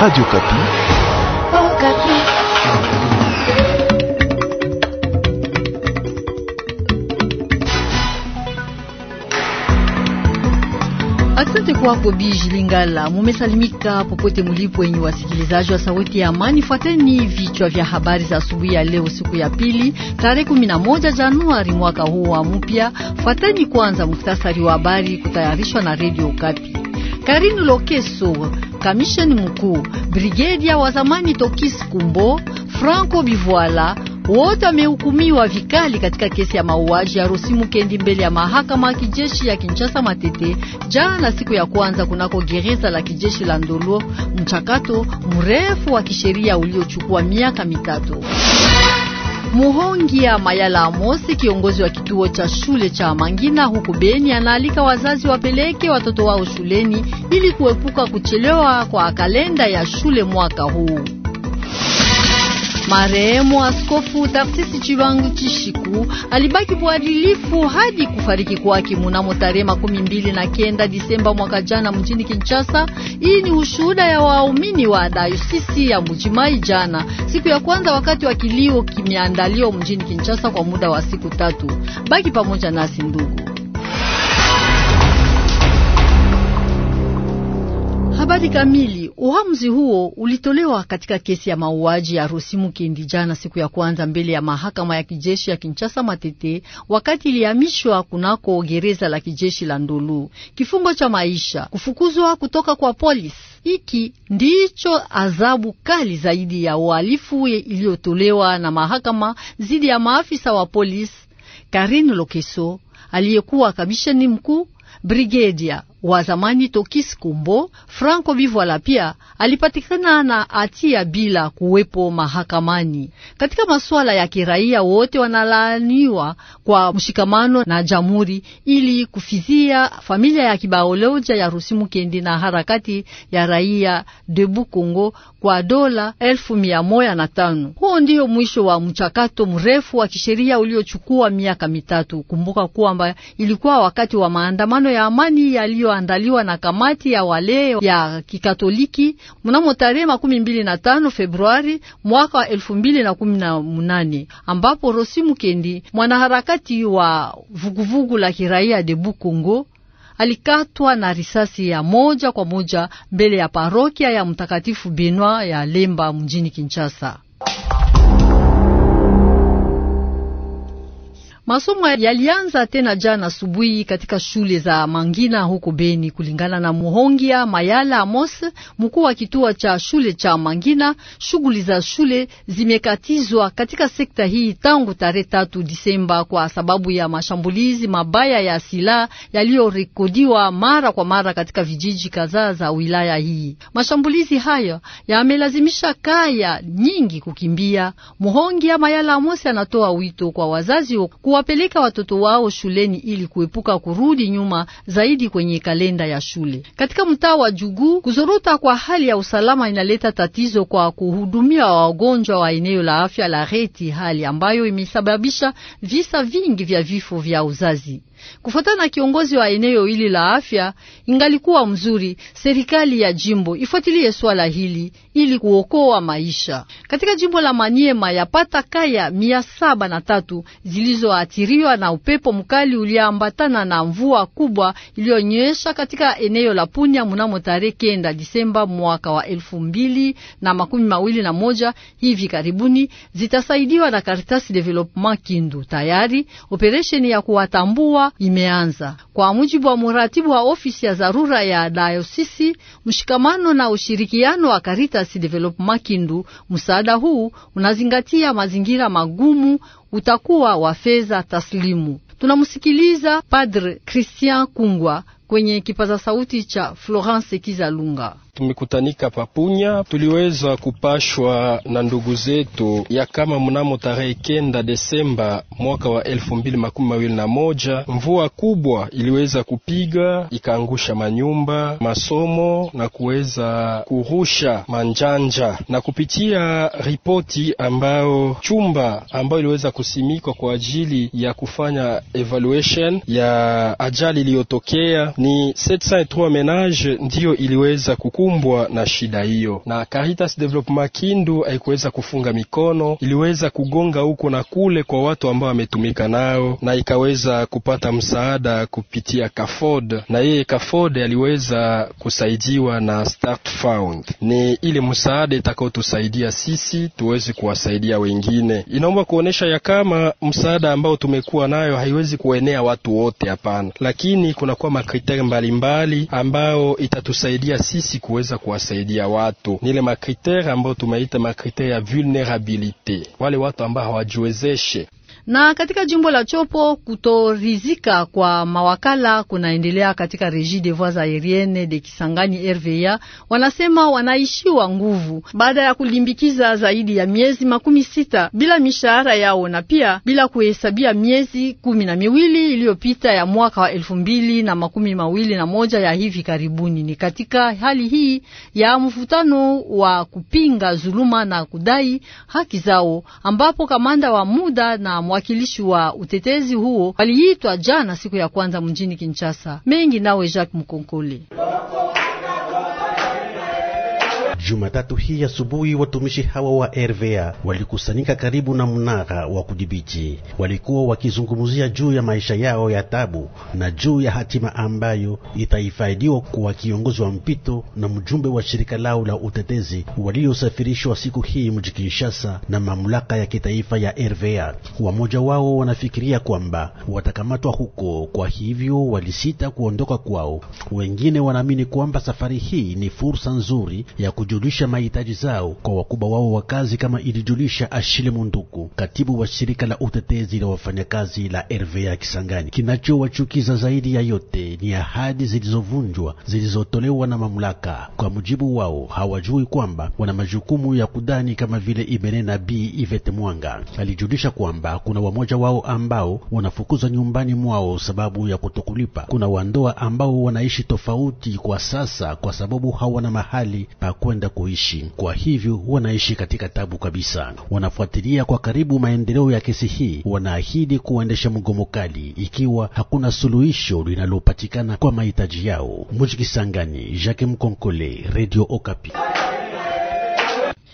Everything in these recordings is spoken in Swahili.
Radio Kapi. Oh, Kapi. Asante kwako Biji Lingala, mumesalimika popote mulipo, enyi wasikilizaji wa Sauti ya Amani. Fuateni vichwa vya habari za asubuhi ya leo, siku ya pili, tarehe 11 Januari mwaka huu wa mpya. Fuateni kwanza muktasari wa habari kutayarishwa na Radio Kapi. Karinu Lokeso kamisheni mkuu brigedia wa zamani Tokis Kumbo Franco Bivuala wote wamehukumiwa vikali katika kesi ya mauaji ya Rosimu Kendi mbele ya mahakama ya kijeshi ya Kinshasa Matete jana siku ya kwanza kunako gereza la kijeshi la Ndolo, mchakato mrefu wa kisheria uliochukua miaka mitatu. Muhongia Mayala Mosi, kiongozi wa kituo cha shule cha Mangina huko Beni, anaalika wazazi wapeleke watoto wao shuleni ili kuepuka kuchelewa kwa kalenda ya shule mwaka huu. Marehemu Askofu Tarsisi Chibangu Chishiku alibaki mwadilifu hadi kufariki kwake mnamo tarehe makumi mbili na kenda Disemba mwaka jana mjini Kinshasa. Hii ni ushuhuda ya waumini wa dayosisi ya mbujimai jana, siku ya kwanza, wakati wa kilio kimeandaliwa mjini Kinshasa kwa muda wa siku tatu. Baki pamoja nasi ndugu. Habari kamili Uamuzi huo ulitolewa katika kesi ya mauaji ya Rosimu Kendi jana siku ya kwanza mbele ya mahakama ya kijeshi ya Kinshasa Matete, wakati ilihamishwa kunako gereza la kijeshi la Ndulu. Kifungo cha maisha, kufukuzwa kutoka kwa polisi. Hiki ndicho adhabu kali zaidi ya uhalifu iliyotolewa na mahakama dhidi ya maafisa wa polisi. Karine Lokeso aliyekuwa kamisheni mkuu brigedia wa zamani Tokis Kumbo Franco Bivuala pia alipatikana na hatia bila kuwepo mahakamani. Katika masuala ya kiraia, wote wanalaaniwa kwa mshikamano na jamhuri ili kufizia familia ya kibaoloja ya Rusimu Kendi na harakati ya raia Debu Kongo kwa dola elfu mia moja na tano. Huo ndio mwisho wa mchakato mrefu wa kisheria uliochukua miaka mitatu. Kumbuka kwamba ilikuwa wakati wa maandamano ya amani yaliyo iliyoandaliwa na kamati ya wale ya Kikatoliki mnamo tarehe makumi mbili na tano Februari mwaka wa elfu mbili na kumi na munane ambapo Rosi Mukendi, mwanaharakati wa vuguvugu la kiraia Debu Kongo, alikatwa na risasi ya moja kwa moja mbele ya parokia ya Mtakatifu Benwa ya Lemba mjini Kinshasa. Masomo yalianza tena jana asubuhi katika shule za Mangina huko Beni, kulingana na Muhongia Mayala Amos, mkuu wa kituo cha shule cha Mangina. Shughuli za shule zimekatizwa katika sekta hii tangu tarehe tatu Disemba kwa sababu ya mashambulizi mabaya ya silaha yaliyorekodiwa mara kwa mara katika vijiji kadhaa za wilaya hii. Mashambulizi hayo yamelazimisha kaya nyingi kukimbia. Muhongia Mayala Amos anatoa wito kwa wazazi kuwapeleka watoto wao shuleni ili kuepuka kurudi nyuma zaidi kwenye kalenda ya shule. Katika mtaa wa Jugu, kuzorota kwa hali ya usalama inaleta tatizo kwa kuhudumia wagonjwa wa eneo la afya la Reti, hali ambayo imesababisha visa vingi vya vifo vya uzazi. Kufuatana na kiongozi wa eneo hili la afya, ingalikuwa mzuri serikali ya jimbo ifuatilie swala hili ili kuokoa maisha katika jimbo la Maniema. Yapata kaya mia saba na tatu zilizoathiriwa na upepo mkali uliambatana na mvua kubwa iliyonyesha katika eneo la Punya mnamo tarehe kenda Disemba mwaka wa elfu mbili na makumi mawili na moja. Hivi karibuni zitasaidiwa na Caritas Development Kindu. Tayari operesheni ya kuwatambua imeanza. Kwa mujibu wa muratibu wa ofisi ya dharura ya dayosisi mshikamano na ushirikiano wa Caritas Development Kindu, msaada huu unazingatia mazingira magumu, utakuwa wa fedha taslimu. Tunamsikiliza Padre Christian Kungwa kwenye kipaza sauti cha Florence Kizalunga tumekutanika papunya, tuliweza kupashwa na ndugu zetu ya kama mnamo tarehe kenda Desemba mwaka wa elfu mbili makumi mawili na moja mvua kubwa iliweza kupiga ikaangusha manyumba, masomo na kuweza kurusha manjanja, na kupitia ripoti ambayo chumba ambayo iliweza kusimikwa kwa ajili ya kufanya evaluation ya ajali iliyotokea ni 703 menage ndiyo iliweza kuku kukumbwa na shida hiyo, na Caritas Development Kindu haikuweza kufunga mikono, iliweza kugonga huko na kule kwa watu ambao wametumika nao na ikaweza kupata msaada kupitia Kafod, na yeye Kafod aliweza kusaidiwa na Start found Ni ile msaada itakayotusaidia sisi tuweze kuwasaidia wengine. Inaomba kuonesha ya kama msaada ambao tumekuwa nayo haiwezi kuenea watu wote, hapana, lakini kunakuwa makriteri mbalimbali ambayo itatusaidia sisi kuwe kuweza kuwasaidia watu, ni ile makriteri ambayo tumeita makriteri ya vulnerability, wale watu ambao hawajiwezeshe. Na katika jimbo la Chopo kutorizika kwa mawakala kunaendelea katika Regie des Voies Aeriennes de Kisangani RVA, wanasema wanaishiwa nguvu baada ya kulimbikiza zaidi ya miezi makumi sita bila mishahara yao na pia bila kuhesabia miezi kumi na miwili iliyopita ya mwaka wa elfu mbili na makumi mawili na moja ya hivi karibuni. Ni katika hali hii ya mvutano wa kupinga zuluma na kudai haki zao ambapo kamanda wa muda na wawakilishi wa utetezi huo waliitwa jana siku ya kwanza mjini Kinshasa. Mengi nawe Jacques Mkonkole. Jumatatu hii asubuhi watumishi hawa wa RVA walikusanyika karibu na mnara wa kudhibiti. Walikuwa wakizungumzia juu ya maisha yao ya tabu na juu ya hatima ambayo itaifaidiwa kwa kiongozi wa mpito na mjumbe wa shirika lao la utetezi waliosafirishwa siku hii mji Kinshasa na mamlaka ya kitaifa ya RVA. Wamoja wao wanafikiria kwamba watakamatwa huko, kwa hivyo walisita kuondoka kwao. Wengine wanaamini kwamba safari hii ni fursa nzuri ya kujua kujulisha mahitaji zao kwa wakubwa wao wa kazi, kama ilijulisha Ashile Munduku, katibu wa shirika la utetezi la wafanyakazi la RVA Kisangani. Kinachowachukiza zaidi ya yote ni ahadi zilizovunjwa zilizotolewa na mamlaka. Kwa mujibu wao, hawajui kwamba wana majukumu ya kudani kama vile na B Ivete Mwanga alijulisha kwamba kuna wamoja wao ambao wanafukuzwa nyumbani mwao sababu ya kutokulipa. Kuna wandoa ambao wanaishi tofauti kwa sasa kwa sababu hawana mahali pa kwenda kwenda kuishi. Kwa hivyo wanaishi katika tabu kabisa. Wanafuatilia kwa karibu maendeleo ya kesi hii, wanaahidi kuendesha mgomo kali ikiwa hakuna suluhisho linalopatikana kwa mahitaji yao. Mujikisangani, Jacques Mkonkole, Radio Okapi.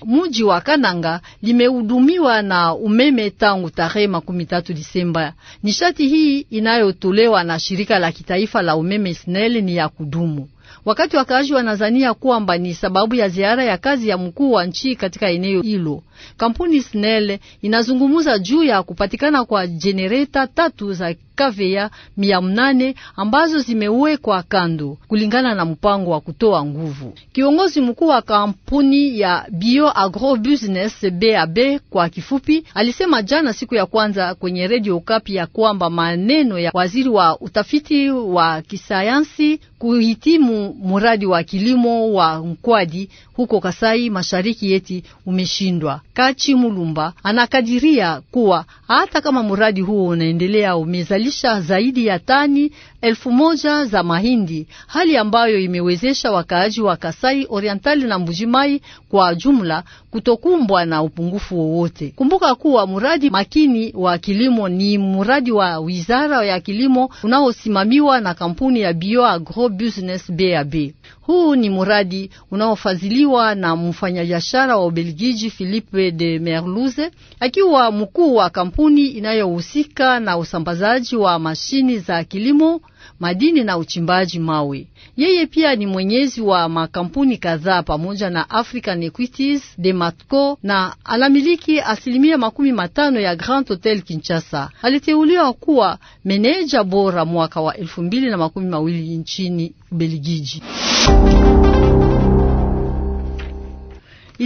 Muji wa Kananga limehudumiwa na umeme tangu tarehe makumi tatu Disemba. Nishati hii inayotolewa na shirika la kitaifa la umeme SNEL ni ya kudumu wakati wakaaji wanazania kwamba ni sababu ya ziara ya kazi ya mkuu wa nchi katika eneo hilo. Kampuni Snel inazungumuza juu ya kupatikana kwa jenereta tatu za kavea mia mnane ambazo zimewekwa kando kulingana na mpango wa kutoa nguvu. Kiongozi mkuu wa kampuni ya Bio Agro Business BAB kwa kifupi, alisema jana siku ya kwanza kwenye redio Okapi ya kwamba maneno ya waziri wa utafiti wa kisayansi kuhitimu mradi wa kilimo wa mkwadi huko Kasai Mashariki yeti umeshindwa. Kachi Mulumba anakadiria kuwa hata kama mradi huo unaendelea umezali kuzalisha zaidi ya tani elfu moja za mahindi, hali ambayo imewezesha wakaaji wa Kasai Orientali na Mbujimai kwa jumla kutokumbwa na upungufu wowote. Kumbuka kuwa mradi makini wa kilimo ni mradi wa Wizara ya Kilimo unaosimamiwa na kampuni ya Bio Agro Business BAB. Huu ni mradi unaofadhiliwa na mfanyabiashara wa Ubelgiji Philippe de Merluze akiwa mkuu wa kampuni inayohusika na usambazaji wa mashini za kilimo madini na uchimbaji mawe. Yeye pia ni mwenyezi wa makampuni kadhaa pamoja na African Equities, Dematco na anamiliki asilimia makumi matano ya Grand Hotel Kinshasa. Aliteuliwa kuwa meneja bora mwaka wa elfu mbili na makumi mawili nchini Ubelgiji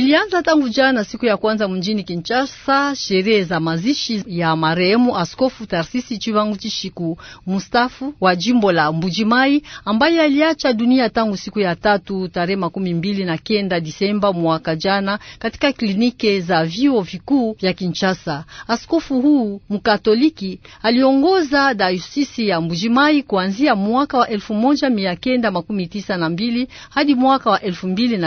ilianza tangu jana siku ya kwanza mjini Kinshasa sherehe za mazishi ya marehemu Askofu Tarsisi Chivangu Chishiku mustafu wa jimbo la Mbujimai ambaye aliacha dunia tangu siku ya tatu tarehe makumi mbili na kenda Disemba mwaka jana katika klinike za vyuo vikuu vya Kinshasa. Askofu huu mkatoliki aliongoza dayosisi ya Mbujimai kuanzia mwaka wa mbili hadi mwaka wa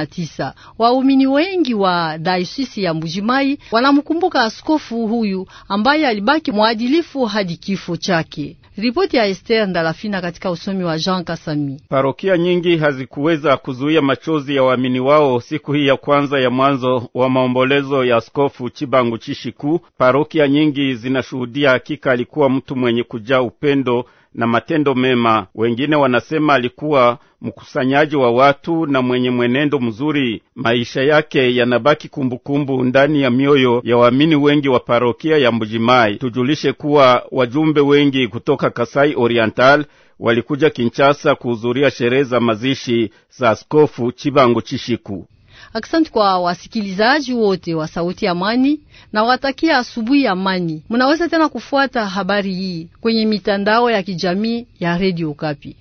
tisa. Waumini wengi wengi wa dayosisi ya Mbujimai wanamkumbuka askofu huyu ambaye alibaki mwadilifu hadi kifo chake. Ripoti ya Esther Ndalafina katika usomi wa Jean Kasami. Parokia nyingi hazikuweza kuzuia machozi ya waamini wao siku hii ya kwanza ya mwanzo wa maombolezo ya askofu Chibangu Chishiku. Parokia nyingi zinashuhudia, hakika alikuwa mtu mwenye kujaa upendo na matendo mema. Wengine wanasema alikuwa mkusanyaji wa watu na mwenye mwenendo mzuri. Maisha yake yanabaki kumbukumbu kumbu ndani ya mioyo ya waamini wengi wa parokia ya Mbujimai. Tujulishe kuwa wajumbe wengi kutoka Kasai Oriental walikuja Kinshasa kuhudhuria sherehe za mazishi za Askofu Chibangu Chishiku. Asante kwa wasikilizaji wote wa Sauti ya Amani na watakia asubuhi ya amani. Munaweza tena kufuata habari hii kwenye mitandao ya kijamii ya Radio Kapi.